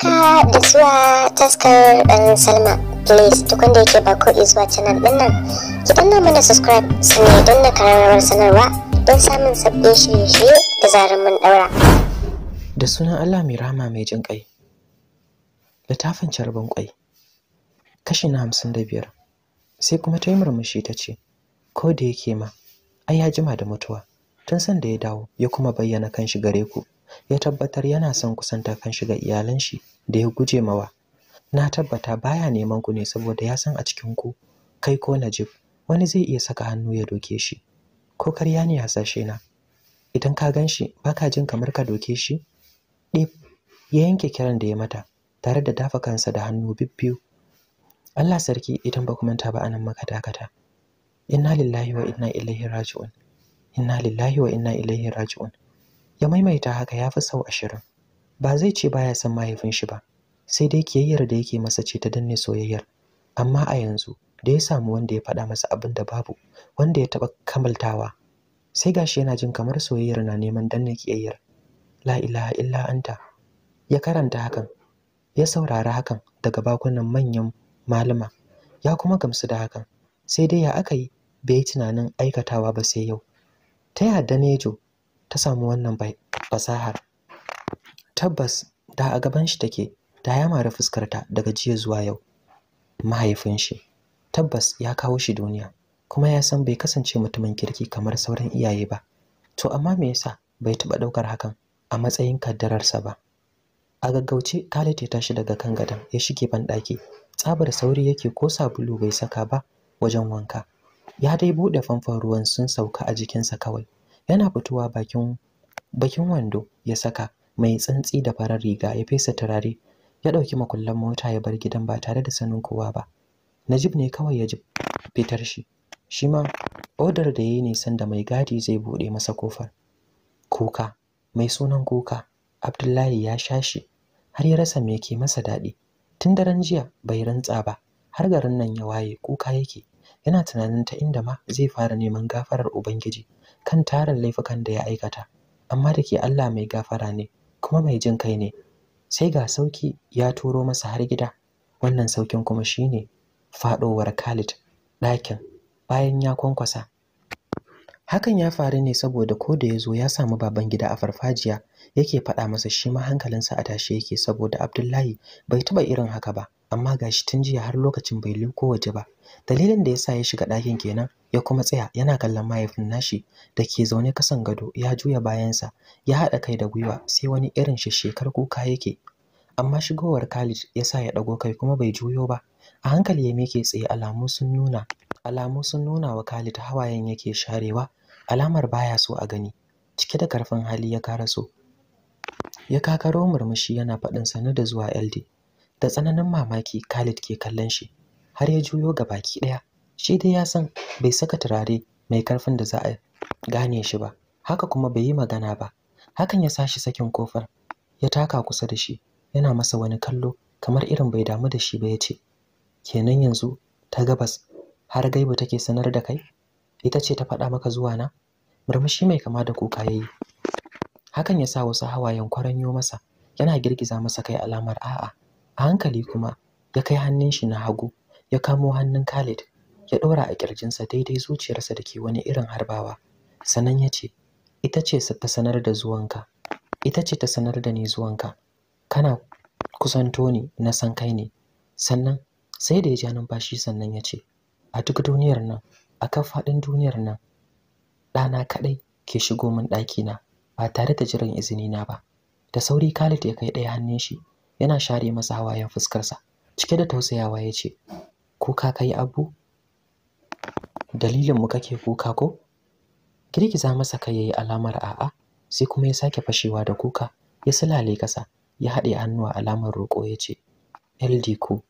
haka da zuwa taskar dan salma please duk wanda yake ba ko zuwa canal din nan ki danna mana subscribe su ne don na kararrawar sanarwa don samun sabbin shirye-shirye da zarar mun daura da sunan allah mai rama mai jin kai littafin carbin kwai kashi na hamsin da biyar sai kuma ta yi murmushi ta ce ko da yake ma ai ya jima da mutuwa tun san da ya dawo ya kuma bayyana kan shi gare ku ya tabbatar yana son kusanta kanshi ga iyalan shi da ya guje mawa na tabbata baya neman ku ne saboda ya san a cikin ku kai ko Najib wani zai iya saka hannu ya doke shi ko karya ne hasashe na idan ka gan shi baka jin kamar ka doke shi dip ya yanke kiran da ya mata tare da dafa kansa da hannu bibbiyu Allah sarki idan ba ku manta ba anan maka dakata inna lillahi wa inna ilaihi raji'un inna lillahi wa inna ilaihi raji'un ya maimaita haka ya fi sau ashirin ba zai ce baya son mahaifin shi ba sai dai kiyayyar da yake masa ce ta danne soyayyar amma a yanzu da ya samu wanda ya faɗa masa abin da babu wanda ya taɓa kamaltawa sai gashi yana jin kamar soyayyar na neman danne kiyayyar la ilaha illa anta ya karanta hakan ya saurari hakan daga bakunan manyan malama ya kuma gamsu da hakan sai dai ya aka yi bai tunanin aikatawa ba sai yau ta yadda jo ta samu wannan fasahar tabbas da a gaban shi take da ya mara fuskarta daga jiya zuwa yau mahaifin shi tabbas ya kawo shi duniya kuma ya san bai kasance mutumin kirki kamar sauran iyaye ba to amma me yasa bai taba ɗaukar hakan a matsayin kaddararsa ba a gaggauce Khalid ya tashi daga kan gadon ya shige banɗaki tsabar sauri yake ko sabulu bai saka ba wajen wanka ya dai buɗe famfon ruwan sun sauka a jikinsa kawai yana fitowa bakin bakin wando ya saka mai tsantsi da farar riga ya fesa turare ya ɗauki makullan mota ya bar gidan ba tare da sanin kowa ba najib ne kawai ya ji fitar shi shi ma odar da ya yi nisan da mai gadi zai buɗe masa kofar kuka mai sunan kuka abdullahi ya sha shi har ya rasa me ke masa daɗi tun daren jiya bai rantsa ba har garin nan ya waye kuka yake yana tunanin ta inda ma zai fara neman gafarar ubangiji kan tarin laifukan da ya aikata amma da ke Allah mai gafara ne kuma mai jin kai ne sai ga sauki ya turo masa har gida wannan saukin kuma shi ne faɗowar Khalid ɗakin bayan ya kwankwasa hakan ya faru ne saboda ko da ya zo ya samu baban gida a farfajiya yake faɗa masa shi ma hankalinsa a tashe yake saboda Abdullahi bai taɓa irin haka ba amma gashi tun jiya har lokacin bai liko waje ba dalilin da yasa ya shiga ɗakin kenan ya kuma tsaya yana kallon mahaifin nashi da ke zaune kasan gado ya juya bayansa ya haɗa kai da gwiwa sai wani irin shekar kuka yake amma shigowar Khalid ya sa ya ɗago kai kuma bai juyo ba a hankali ya mike tsaye alamu sun nuna alamu sun nuna wa Khalid hawayen yake sharewa alamar baya so a gani cike da karfin hali ya karaso ya kakaro murmushi yana faɗin sanar da zuwa LD da tsananin mamaki Khalid ke kallon shi har ya juyo ga baki daya shi dai ya san bai saka turare mai karfin da za a gane shi ba haka kuma bai yi magana ba hakan ya sashi sakin kofar ya taka kusa da shi yana masa wani kallo kamar irin bai damu da shi ba ya ce kenan yanzu ta gabas har gaibu take sanar da kai ita ce ta faɗa maka zuwa na murmushi mai kama da kuka yayi hakan ya sa wasu hawayen kwaranyo masa yana girgiza masa kai alamar a'a a hankali kuma ya kai hannun shi na hagu ya kamo hannun Khalid ya ɗora a kirjinsa daidai zuciyarsa da ke wani irin harbawa sannan ya ce ita ce ta sanar da zuwanka ita ce ta sanar da ni zuwanka kana kusanto ni na san kai ne sannan sai da ya ja numfashi sannan ya ce a duk duniyar nan a kan faɗin duniyar nan ɗana kaɗai ke shigo min ɗakina ba tare da jiran izini na ba da sauri Khalid ya kai ɗaya hannun shi yana share masa hawayen fuskarsa cike da tausayawa ya ce kuka kai abu dalilinmu kake kuka ko girgiza masa kai yayi alamar a'a sai kuma ya sake fashewa da kuka ya sulale kasa ya haɗe hannuwa alamar roƙo ya ce ld ku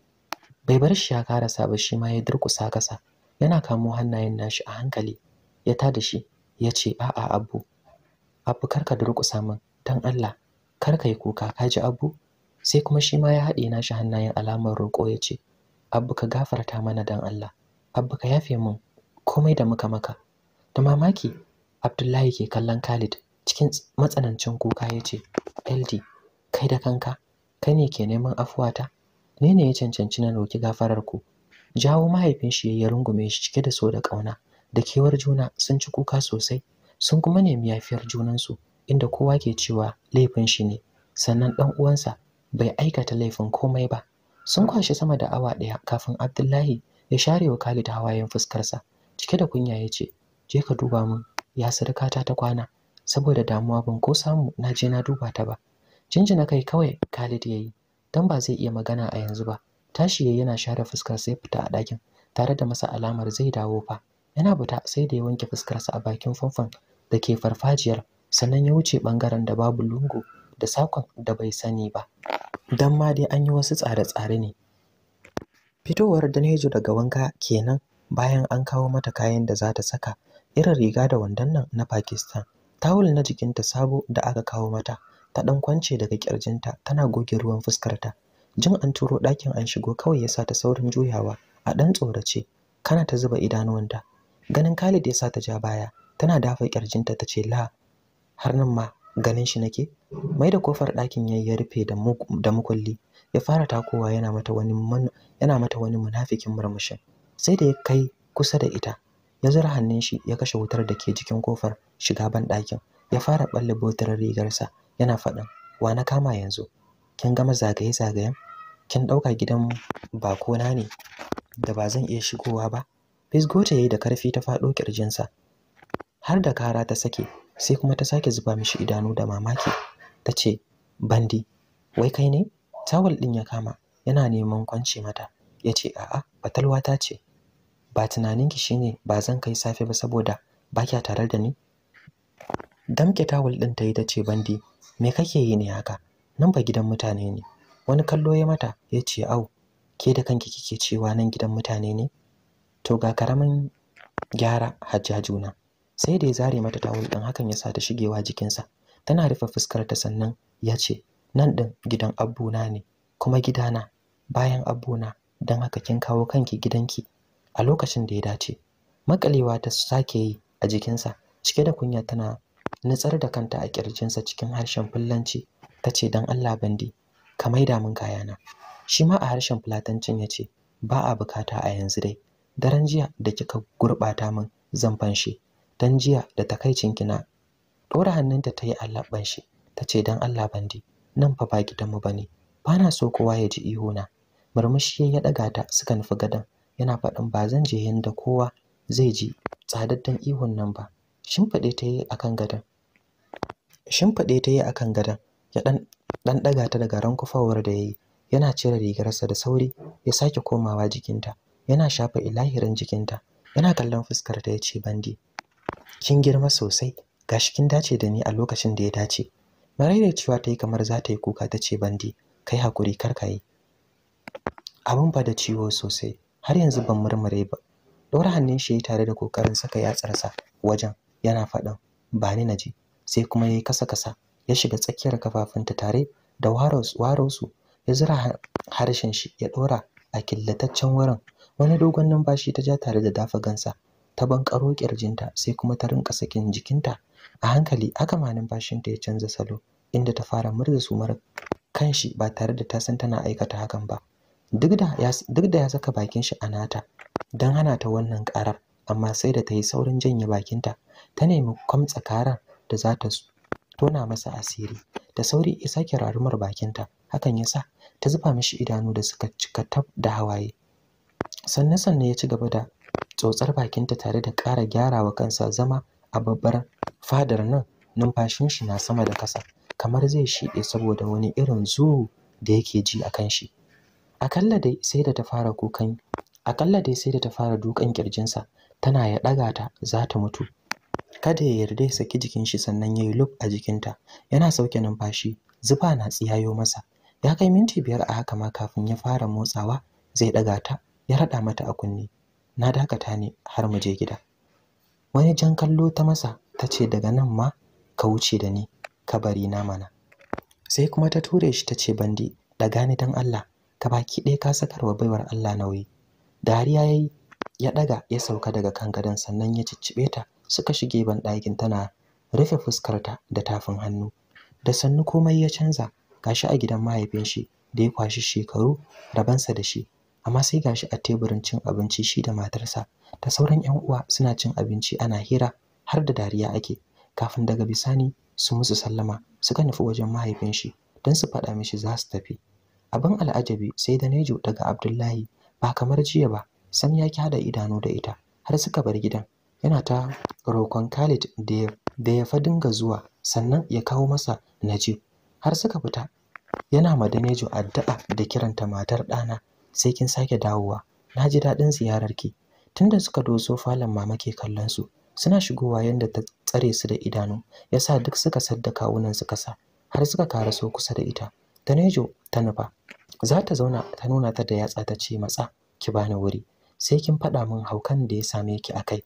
bai bar shi ya karasa ba shi ma ya durkusa kasa yana kamo hannayen nashi a hankali ya ta da shi ya ce a'a abu abu karka durkusa min dan Allah kar kai kuka ka ji abu sai kuma shi ma ya haɗe nashi hannayen alamar roƙo ya ce abu ka gafarta mana don Allah abu ka yafe min komai da muka maka da mamaki Abdullahi ke kallon Khalid cikin matsanancin kuka ya ce LD kai da kanka kai ne ke neman afuwata ne ne ya cancanci na roki gafarar ku jawo mahaifin shi ya rungume shi cike da so da ƙauna da kewar juna sun ci kuka sosai sun kuma nemi yafiyar junansu inda kowa ke cewa laifin shi ne sannan ɗan uwansa bai aikata laifin komai ba sun hmm. kwashi sama da awa ɗaya kafin abdullahi ya share wa khalid hawayen fuskarsa cike da kunya ya ce je ka duba mun ya sadaka ta kwana saboda damuwa ban ko samu na je na duba ta ba jinjina kai kawai khalid ya yi don ba zai iya magana a yanzu ba tashi ya yana share fuskarsa ya fita a ɗakin tare da masa alamar zai dawo fa yana buta sai da ya wanke fuskarsa a bakin famfon da ke farfajiyar sannan ya wuce ɓangaren da babu lungu da sakon da bai sani ba don ma dai an yi wasu tsare-tsare ne fitowar danejo daga wanka kenan bayan an kawo mata kayan da za ta saka irin riga da wandon nan na pakistan tawul na jikinta sabo da aka kawo mata ta ɗan kwance daga kirjinta tana goge ruwan fuskarta jin an turo ɗakin an shigo kawai ya sa ta saurin juyawa a ɗan tsorace kana ta zuba idanuwanta ganin Khalid ya sa ta ja baya tana dafa kirjinta ta ce la har nan ma ganin shi nake mai da kofar ɗakin yayi ya rufe da mukulli ya fara takowa yana mata wani yana mata wani munafikin murmushin sai da ya kai kusa da ita ya zura hannun shi ya kashe wutar da ke jikin kofar shiga ban ɗakin ya fara balle botar rigarsa yana faɗin wa na kama yanzu kin gama zagaye zagayen kin ɗauka gidan bakona ne da ba zan iya shigowa ba fisgota ya yi da karfi ta faɗo ƙirjinsa har da kara ta sake sai kuma ta sake zuba mishi idanu da mamaki ta ce bandi wai kai ne tawul din ya kama yana neman kwance mata ya ce a'a batalwa ta ce ba tunaninki shine ba zan kai safe ba saboda ba kya tare da ni damke tawul din ta yi ta ce bandi me kake yi ne haka nan ba gidan mutane ne wani kallo ya mata ya ce au ke da kanki kike cewa nan gidan mutane ne to ga karamin gyara hajjajuna sai da ya zare mata tawul din hakan ya sa ta shigewa jikinsa tana rufe fuskar ta sannan ya ce nan din gidan abbuna ne kuma gidana bayan abbuna don haka kin kawo kanki gidanki a lokacin da ya dace makalewa ta sake yi a jikinsa cike da kunya tana nutsar da kanta a kirjinsa cikin harshen fullanci ta ce don allah bandi ka maida min kayana shi ma a harshen fulatancin ya ce ba a bukata a yanzu dai daren jiya da kika gurɓata min zan fanshe dan jiya da takaicin kina ɗora hannunta ta yi allaban shi ta ce dan Allah bandi nan fa ba gidanmu bane ba na so kowa ya ji na murmushi ya ɗaga ta suka nufi gadon yana faɗin ba zan je yanda kowa zai ji tsadaddan ihun nan ba shimfiɗe ta yi akan gadon shimfiɗe ta yi akan gadon ya ɗan ɗaga ta daga ran rankufawar da ya yi yana cire rigarsa da sauri ya sake komawa jikinta yana shafa ilahirin jikinta yana kallon fuskar ta ya ce bandi kin girma sosai Ga shi kin dace da ni a lokacin da ya dace maraire cewa ta yi kamar za ta yi kuka ta ce bandi kai hakuri kar ka yi abin ba da ciwo sosai har yanzu ban murmure ba ɗora hannun shi tare da kokarin saka yatsarsa wajen yana faɗan ba ni naji sai kuma ya yi kasa kasa ya shiga tsakiyar kafafunta tare da waros warosu ya zura harshen shi ya ɗora a killataccen wurin wani dogon numfashi ta ja tare da dafa gansa ta bankaro kirjinta sai kuma ta rinka sakin jikinta a hankali aka ma ta ya canza salo inda ta fara murza su mara kanshi ba tare da ta san tana aikata hakan ba duk da ya saka bakin shi a nata don hana ta wannan karar amma sai da ta yi saurin janye bakinta ta nemi kwamtsa karar da za ta tona masa asiri da sauri ya sake rarumar bakinta hakan ya sa ta zuba mishi idanu da suka cika tab da hawaye sannan sannan ya ci gaba da tsotsar bakinta tare da ƙara gyarawa kansa zama a babbar fadar nan numfashin shi na sama da ƙasa, kamar zai shiɗe saboda wani irin zuu da yake ji a kan shi akalla dai sai da ta fara kukan akalla dai sai da ta fara dukan kirjinsa tana ya ɗaga ta za ta mutu kada ya yarda ya saki jikin shi sannan ya yi lub a jikinta yana sauke numfashi zufa na tsiyayo masa ya kai minti biyar a haka ma kafin ya fara motsawa zai ɗaga ta ya raɗa mata a kunne na dakata ne har mu je gida wani jan kallo ta masa ta ce daga nan ma ka wuce da ni ka bari na mana sai kuma ta ture shi ta ce bandi ɗaga ni dan Allah ka baki ɗaya ka sakar wa baiwar Allah nauyi dariya yayi ya daga ya sauka daga kan gadon sannan ya ciccibe ta suka shige ban ɗakin tana rufe fuskarta da tafin hannu da sannu komai ya canza gashi a gidan mahaifin shi da ya kwashi shekaru rabansa da shi amma sai gashi a teburin cin abinci shi da matarsa ta sauran yan uwa suna cin abinci ana hira har da dariya ake kafin daga bisani su musu sallama suka nufi wajen mahaifin shi don su faɗa mishi za su tafi abin al'ajabi sai da nejo daga abdullahi ba kamar jiya ba sam ya hada idanu da ita har suka bar gidan yana ta rokon khalid da ya fa ga zuwa sannan ya kawo masa najib har suka fita yana ma da nejo addu'a da kiranta matar ɗana sai kin sake dawowa na ji daɗin ziyararki tunda suka doso falon mama ke kallon su suna shigowa yadda ta tsare su da idanu yasa duk suka sadda kawunan suka sa, har suka so kusa da ita tanejo ta nufa za ta zauna ta nuna ta da yatsa ta ce matsa ki bani wuri sai kin faɗa min haukan da ya same ki a kai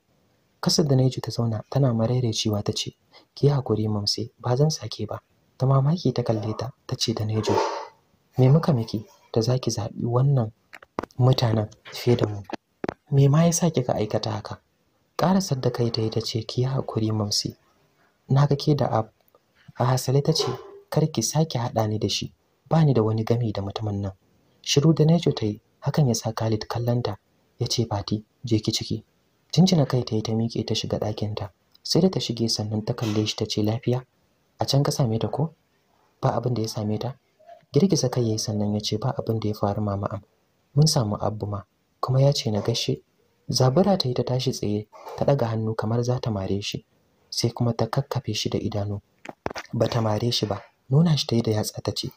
kasar da nejo ta zauna tana cewa ta ce ki hakuri mamse ba zan sake ba ta mamaki ta kalle ta ta ce da nejo me muka miki da zaki zaɓi wannan mutanen fiye da mu me ma yasa kika aikata haka Ƙara da kai ta ce ki yi haƙuri mamsi na ga ke da ab a hasale ta ce kar ki sake haɗa ni da shi ba ni da wani gami da mutumin nan shiru da nejo ta yi hakan ya sa khalid kallanta ya ce fati je ki ciki jinjina kai ta yi ta miƙe ta shiga ɗakinta sai da ta shige sannan ta kalle shi ta ce lafiya a can ka same ta ko ba abin da ya same ta girgiza kai yayi sannan ya ce ba abin da ya faru mama am mun samu abu ma kuma yace ce na gashi zabura ta yi ta tashi tsaye ta daga hannu kamar za ta mare shi sai kuma ta kakkafe shi da idanu ba ta mare shi ba nuna shi ta yi da yatsa ta ce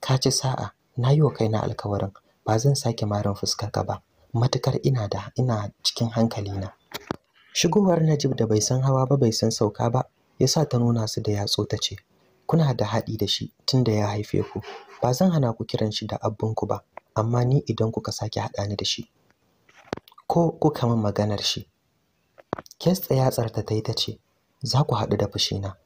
ka ci sa'a na yi wa kaina alkawarin ba zan sake marin fuskar ka ba matukar ina da ina cikin hankali na. shigowar najib da bai san hawa ba bai san sauka ba yasa ta nuna su da yatsu ta ce kuna da haɗi da shi tunda ya haife ku ba zan hana ku kiran shi da abinku ba amma ni idan kuka sake haɗa ni da shi ko kuka min maganar shi kes ya tsarta ta yi ta ce za ku haɗu da fushina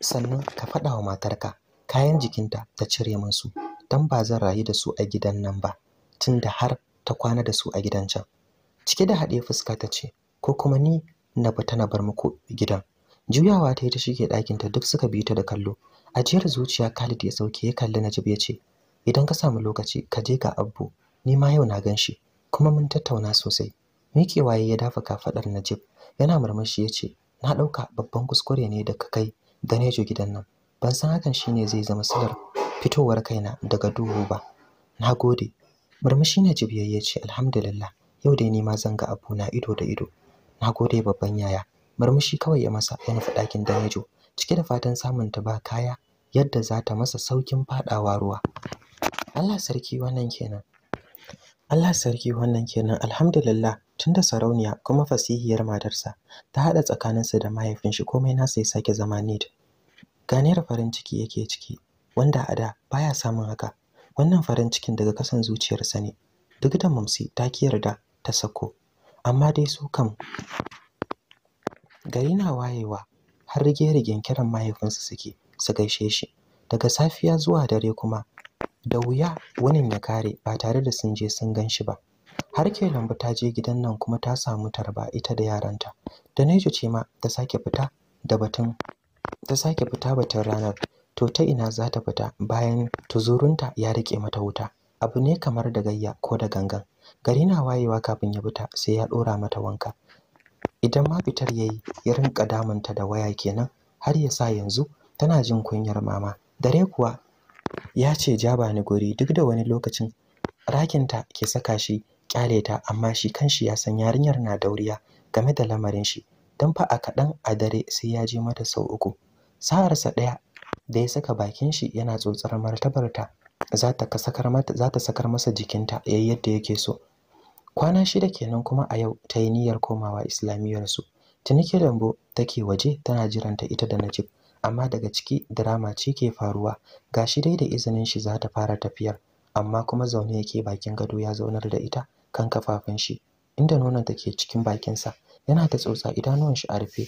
sannan ka faɗa wa matarka kayan jikinta ta cire min su don ba zan rayu da su a gidan nan ba tunda har ta kwana da su a gidan can cike da haɗe fuska ta ce ko kuma ni na fita na bar muku gidan juyawa ta yi ta shige ɗakinta duk suka biyu ta da kallo ajiyar zuciya Khalid ya sauke ya kalli Najib ya ce idan ka samu lokaci ka je ga abu. ni ma yau na gan shi kuma mun tattauna sosai waye ya dafa kafaɗar Najib yana murmushi ya ce na ɗauka babban kuskure ne da ka kai Danejo gidan nan ban san hakan shine zai zama silar fitowar kaina daga duhu ba nagode gode murmushi Najib ya ce alhamdulillah yau dai ni ma zan ga na ido da ido na gode babban yaya murmushi kawai ya masa ya nufi ɗakin Danejo cike da fatan samun ta ba kaya yadda za ta masa saukin fadawa ruwa Allah sarki wannan kenan Allah sarki wannan kenan alhamdulillah tunda sarauniya kuma fasihiyar matarsa ta hada tsakaninsu da mahaifin shi komai nasa ya sake zama need ganiyar farin ciki yake ciki wanda a da baya samun haka wannan farin cikin daga kasan zuciyarsa ne duk da mamsi ta yarda ta sako amma dai su kam gari na wayewa har rige-rigen kiran mahaifinsu suke su gaishe shi daga safiya zuwa dare kuma da wuya Wani ya kare ba tare da sun je sun gan shi ba har ke lambu ta je gidan nan kuma ta samu tarba ita da yaranta da naijo ce ma ta sake fita da batun ta sake fita batun ranar to ta ina za ta fita bayan tuzurunta ya rike mata wuta abu ne kamar da gayya ko da gangan gari na wayewa kafin ya fita sai ya ɗora mata wanka idan ma fitar yayi ya rinka damunta da waya kenan har ya sa yanzu tana jin kunyar mama dare kuwa ya ce ja ba ni guri duk da wani lokacin rakinta ke saka shi kyale ta amma shi kanshi ya san yarinyar na dauriya game da lamarin shi dan fa a kaɗan a dare sai ya je mata sau uku sa'arsa ɗaya da ya saka bakin shi yana tsotsar martabarta za ta sakar za ta sakar masa jikinta yayin yadda yake so kwana shida kenan kuma a yau ta yi niyyar komawa islamiyyar su tunike lambo take waje tana jiranta ita da najib amma daga ciki drama ce ke faruwa Ga shi dai da izinin shi za ta fara tafiyar amma kuma zaune yake bakin gado ya zaunar da ita kan kafafun shi inda nonon take cikin bakinsa yana ta tsotsa idanuwan shi a rufe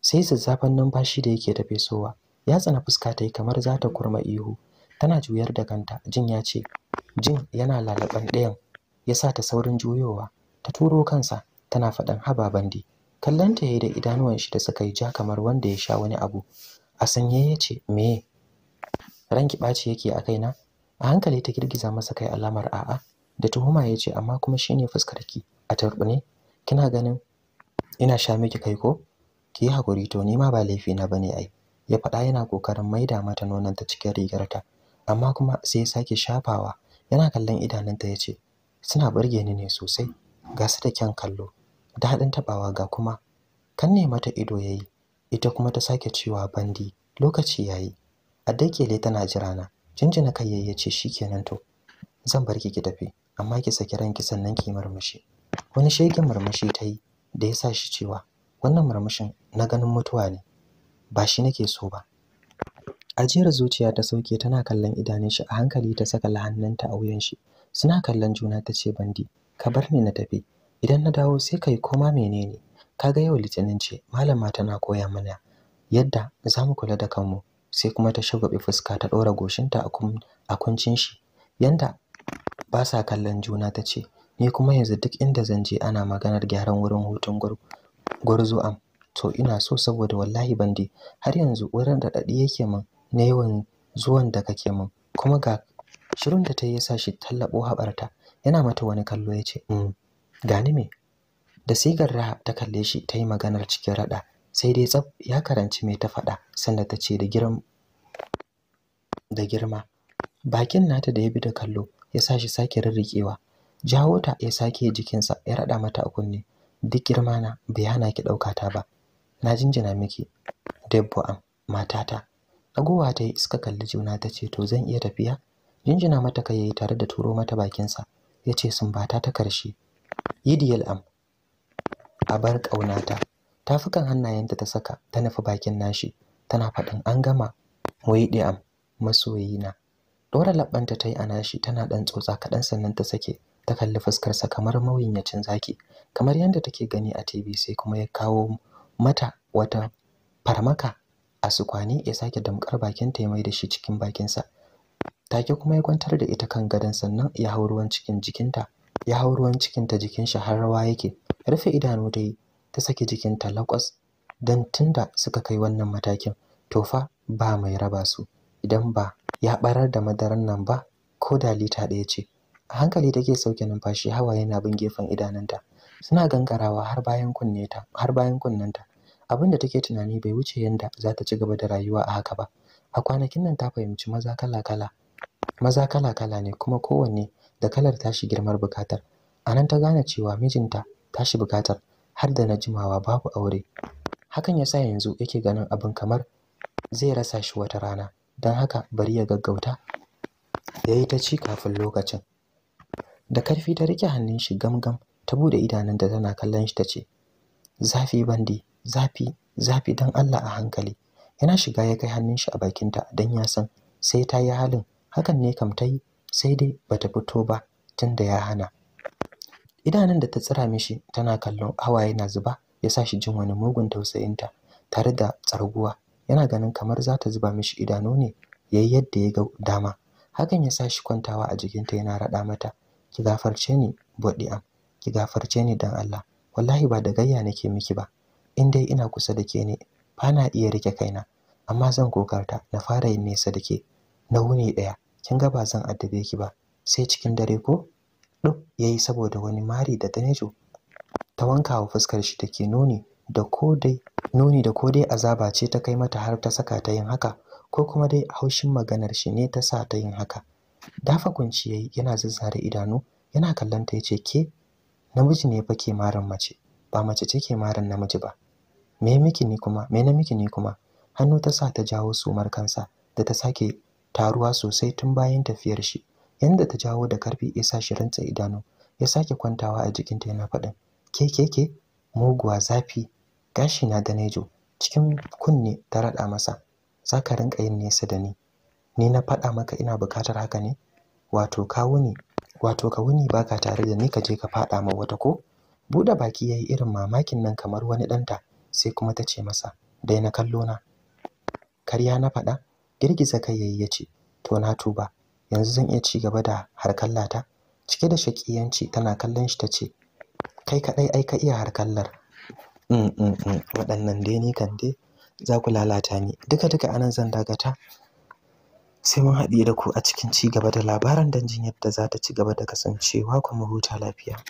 sai zazzafan numfashi da yake sowa ya tsana fuska ta yi kamar za ta kurma ihu tana juyar da kanta jin ya ce jin yana lalaban ɗayan ya sa ta saurin juyowa ta turo kansa tana faɗan haba bandi kallanta yi da idanuwan shi da suka yi ja kamar wanda ya sha wani abu a sanye ya ce me ranki ɓaci yake a kaina a hankali ta girgiza masa kai alamar a'a da tuhuma ya ce amma kuma shine fuskarki a tarbune kina ganin ina sha miki kai ko ki yi hakuri to ni ma ba laifi na bane ai ya faɗa yana kokarin maida mata nonon ta cikin rigarta amma kuma sai ya sake shafawa yana kallon idanunta ya ce suna burge ni ne sosai ga su da kyan kallo daɗin tabawa ga kuma kan ne mata ido yayi ita kuma ta sake cewa bandi lokaci yayi a addakele tana jira na jinjina kai yayi yace shikenan to zan bar ki ki tafi amma ki saki ranki sannan ki murmushi wani shege murmushi ta yi da ya sa shi cewa wannan murmushin na ganin mutuwa ne ba shi nake so ba ajiyar zuciya ta sauke tana kallon idanun shi a hankali ta saka lahannanta a wuyan shi suna kallon juna ta ce bandi ka bar ni na tafi idan na dawo sai ka yi koma menene Ka ga yau litinin ce malama tana koya mana yadda za mu kula da kanmu sai kuma ta shagwabi fuska ta ɗora goshinta a kuncin shi yanda ba sa kallon juna ta ce ni kuma yanzu duk inda zan je ana maganar gyaran wurin hutun gwarzo am to ina so saboda wallahi bandi har yanzu wurin da dadi yake min na yawan zuwan da kake min kuma ga Shirun da ta yi ya sa shi tallabo haɓarta, yana mata wani kallo ya ce, mm, gani me?" Da sigar raha ta kalle shi ta yi maganar cikin raɗa, sai dai tsab ya karanci me ta faɗa sanda ta ce da girma. Bakin nata da ya bi da kallo ya sa shi sake rirriƙewa. Jawo ta ya sake jikinsa ya raɗa mata a kunne. Duk girma na bai hana ki ɗauka ta ba. Na jinjina miki. Debbo am, matata. ta yi suka kalli juna ta ce to zan iya tafiya? jinjina mata kai yayi tare da turo mata bakinsa ya ce sumbata ta karshe yidiyal am a bar ƙaunata tafukan hannayenta ta saka ta nufi bakin nashi tana faɗin an gama waiɗe am masoyina Dora labbanta ta yi a nashi tana ɗan tsotsa kaɗan sannan ta sake ta kalli fuskar sa kamar cin zaki kamar yadda take gani a tv sai kuma ya kawo mata wata farmaka a sukwane ya sake damƙar bakinta ya mai da shi cikin bakinsa take kuma ya kwantar da ita kan gadon sannan ya hau ruwan cikin jikinta ya hau ruwan cikinta jikin shi har rawa yake rufe idanu ta yi ta saki jikinta lakwas don tunda suka kai wannan matakin to fa ba mai raba su idan ba ya barar da madaran nan ba ko da lita ɗaya ce a hankali take sauke numfashi hawa yana bin gefen idanunta suna gangarawa har bayan kunneta har bayan kunnenta abin da take tunani bai wuce yanda za ta ci gaba da rayuwa a haka ba a kwanakin nan ta fahimci maza kala-kala maza kala-kala ne kuma kowanne da kalar tashi girmar bukatar a nan ta gane cewa mijinta tashi bukatar har da na jimawa babu aure hakan ya sa yanzu yake ganin abin kamar zai rasa shi wata rana don haka bari ya gaggauta ya yi ta ci kafin lokacin da karfi ta rike hannun shi gamgam ta bude idanun da tana kallon shi ta ce zafi bandi zafi zafi don allah a hankali yana shiga ya kai hannun shi a bakinta don ya san sai ta yi halin hakan ne kam ta sai dai bata fito ba tunda ya hana idanun da ta tsira mishi tana kallon hawaye na zuba ya sa shi jin wani mugun tausayin ta tare da tsarguwa yana ganin kamar za ta zuba mishi idanu ne yayi yadda ya ga dama hakan ya sa shi kwantawa a jikinta yana raɗa mata ki gafarce ni bodiam ki gafarce ni dan Allah wallahi ba da gayya nake miki ba in dai ina kusa da ke ne ba na iya rike kaina amma zan kokarta na fara yin nesa da ke na wuni daya kin ga ba zan addabe ki ba sai cikin dare ko duk yayi saboda wani mari da danejo ta wanka wa fuskar shi take nuni da kodai nuni da kodai azaba ce ta kai mata har ta saka ta yin haka ko kuma dai haushin maganar shi ne ta sa ta yin haka dafa kunci yayi yana zazzare idanu yana kallon ta yace ke namiji ne fa ke maran mace ba mace ce ke maran namiji ba me miki ni kuma me na miki ni kuma hannu ta sa ta jawo sumar kansa da ta sake taruwa sosai tun bayan tafiyar shi yanda ta jawo da karfi ya sa shi rantsa idanu ya sake kwantawa a jikinta yana faɗin ke ke ke muguwa zafi gashi na ganejo cikin kunne ta raɗa masa za ka rinka yin nesa da ni ni na faɗa maka ina buƙatar haka ne wato ka wuni wato ka wuni baka tare da ni ka je ka faɗa ma wata ko buɗe baki yayi irin mamakin nan kamar wani ɗanta sai kuma ta ce masa daina kallo na karya na faɗa girgiza kai yayi yace to na tuba yanzu zan iya ci gaba da harkallata cike da shakiyanci tana kallon shi tace kai kadai ai ka iya harkallar mm, mm mm waɗannan dai ni kan dai za ku lalata ni duka duka anan zan dagata sai mun haɗiye da ku a cikin ci gaba da labaran danjin yadda za ta ci gaba da kasancewa kuma huta lafiya